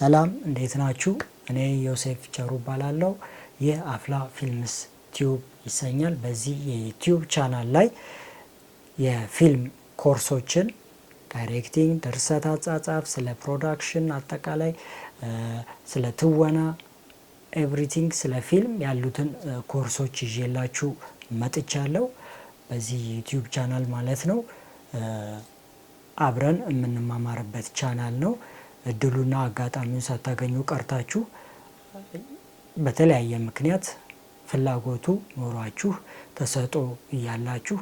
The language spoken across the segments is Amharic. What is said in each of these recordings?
ሰላም እንዴት ናችሁ? እኔ ዮሴፍ ቸሩ እባላለሁ። ይህ አፍላ ፊልምስ ቲዩብ ይሰኛል። በዚህ የዩቲዩብ ቻናል ላይ የፊልም ኮርሶችን ዳይሬክቲንግ፣ ድርሰት አጻጻፍ፣ ስለ ፕሮዳክሽን አጠቃላይ ስለ ትወና ኤቭሪቲንግ ስለ ፊልም ያሉትን ኮርሶች ይዤላችሁ መጥቻለሁ። በዚህ ዩቲዩብ ቻናል ማለት ነው። አብረን የምንማማርበት ቻናል ነው። እድሉና አጋጣሚውን ሳታገኙ ቀርታችሁ በተለያየ ምክንያት ፍላጎቱ ኖሯችሁ ተሰጦ እያላችሁ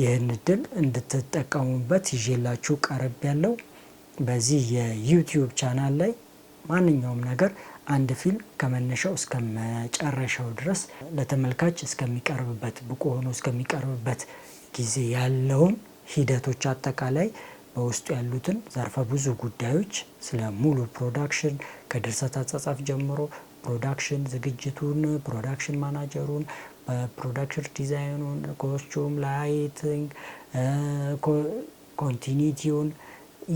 ይህን እድል እንድትጠቀሙበት ይዤላችሁ ቀረብ ያለው በዚህ የዩቲዩብ ቻናል ላይ ማንኛውም ነገር አንድ ፊልም ከመነሻው እስከ መጨረሻው ድረስ ለተመልካች እስከሚቀርብበት ብቁ ሆኖ እስከሚቀርብበት ጊዜ ያለውን ሂደቶች አጠቃላይ በውስጡ ያሉትን ዘርፈ ብዙ ጉዳዮች ስለ ሙሉ ፕሮዳክሽን ከድርሰት አጻጻፍ ጀምሮ ፕሮዳክሽን ዝግጅቱን፣ ፕሮዳክሽን ማናጀሩን፣ በፕሮዳክሽን ዲዛይኑን፣ ኮስቹም፣ ላይቲንግ፣ ኮንቲኒቲውን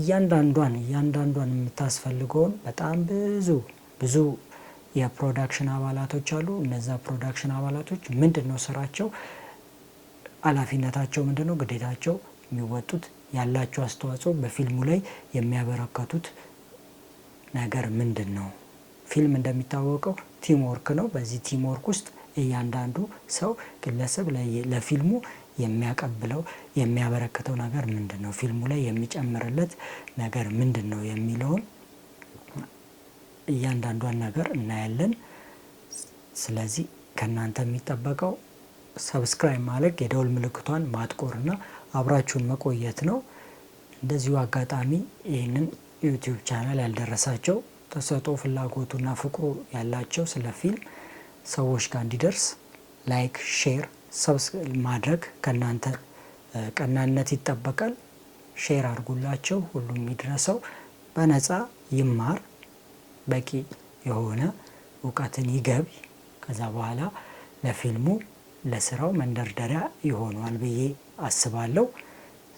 እያንዳንዷን እያንዳንዷን የምታስፈልገውን በጣም ብዙ ብዙ የፕሮዳክሽን አባላቶች አሉ። እነዛ ፕሮዳክሽን አባላቶች ምንድን ነው ስራቸው፣ ኃላፊነታቸው ምንድን ነው፣ ግዴታቸው የሚወጡት ያላቸው አስተዋጽኦ በፊልሙ ላይ የሚያበረከቱት ነገር ምንድን ነው? ፊልም እንደሚታወቀው ቲም ወርክ ነው። በዚህ ቲም ወርክ ውስጥ እያንዳንዱ ሰው ግለሰብ ለፊልሙ የሚያቀብለው የሚያበረክተው ነገር ምንድን ነው፣ ፊልሙ ላይ የሚጨምርለት ነገር ምንድን ነው የሚለውን እያንዳንዷን ነገር እናያለን። ስለዚህ ከእናንተ የሚጠበቀው ሰብስክራይብ ማድረግ የደውል ምልክቷን ማጥቆርና አብራችሁን መቆየት ነው። እንደዚሁ አጋጣሚ ይህንን ዩቲዩብ ቻናል ያልደረሳቸው ተሰጦ ፍላጎቱና ፍቅሩ ያላቸው ስለ ፊልም ሰዎች ጋር እንዲደርስ ላይክ፣ ሼር ማድረግ ከእናንተ ቀናነት ይጠበቃል። ሼር አድርጉላቸው፣ ሁሉም የሚድረሰው በነፃ ይማር፣ በቂ የሆነ እውቀትን ይገብ። ከዛ በኋላ ለፊልሙ ለስራው መንደርደሪያ ይሆኗል ብዬ አስባለሁ።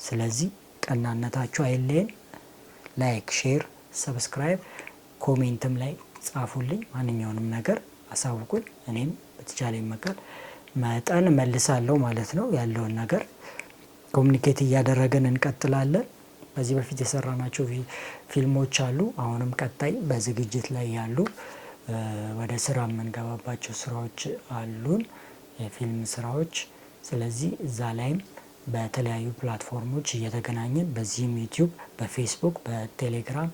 ስለዚህ ቀናነታችሁ አይለየን። ላይክ፣ ሼር፣ ሰብስክራይብ ኮሜንትም ላይ ጻፉልኝ። ማንኛውንም ነገር አሳውቁኝ። እኔም በተቻለ መቀል መጠን መልሳለሁ ማለት ነው። ያለውን ነገር ኮሚኒኬት እያደረገን እንቀጥላለን። ከዚህ በፊት የሰራናቸው ፊልሞች አሉ። አሁንም ቀጣይ በዝግጅት ላይ ያሉ ወደ ስራ የምንገባባቸው ስራዎች አሉን። የፊልም ስራዎች። ስለዚህ እዛ ላይም በተለያዩ ፕላትፎርሞች እየተገናኘን በዚህም ዩቲዩብ፣ በፌስቡክ፣ በቴሌግራም፣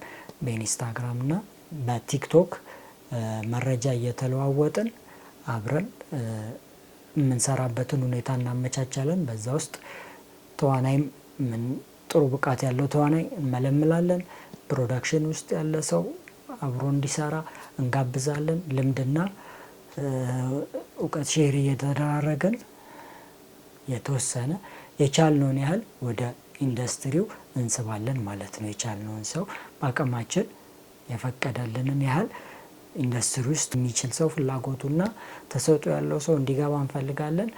በኢንስታግራም እና በቲክቶክ መረጃ እየተለዋወጥን አብረን የምንሰራበትን ሁኔታ እናመቻቻለን። በዛ ውስጥ ተዋናይም ጥሩ ብቃት ያለው ተዋናይ እንመለምላለን። ፕሮዳክሽን ውስጥ ያለ ሰው አብሮ እንዲሰራ እንጋብዛለን። ልምድና እውቀት ሼር እየተደራረገን የተወሰነ የቻልነውን ያህል ወደ ኢንዱስትሪው እንስባለን ማለት ነው። የቻልነውን ሰው በአቅማችን የፈቀደልንን ያህል ኢንዱስትሪ ውስጥ የሚችል ሰው ፍላጎቱና ተሰጡ ያለው ሰው እንዲገባ እንፈልጋለን።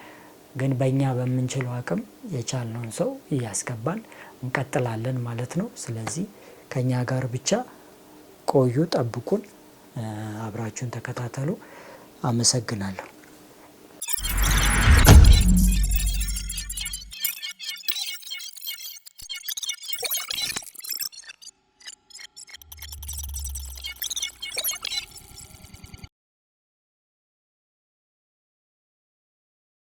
ግን በእኛ በምንችለው አቅም የቻልነውን ሰው እያስገባን እንቀጥላለን ማለት ነው። ስለዚህ ከኛ ጋር ብቻ ቆዩ፣ ጠብቁን፣ አብራችሁን ተከታተሉ። አመሰግናለሁ።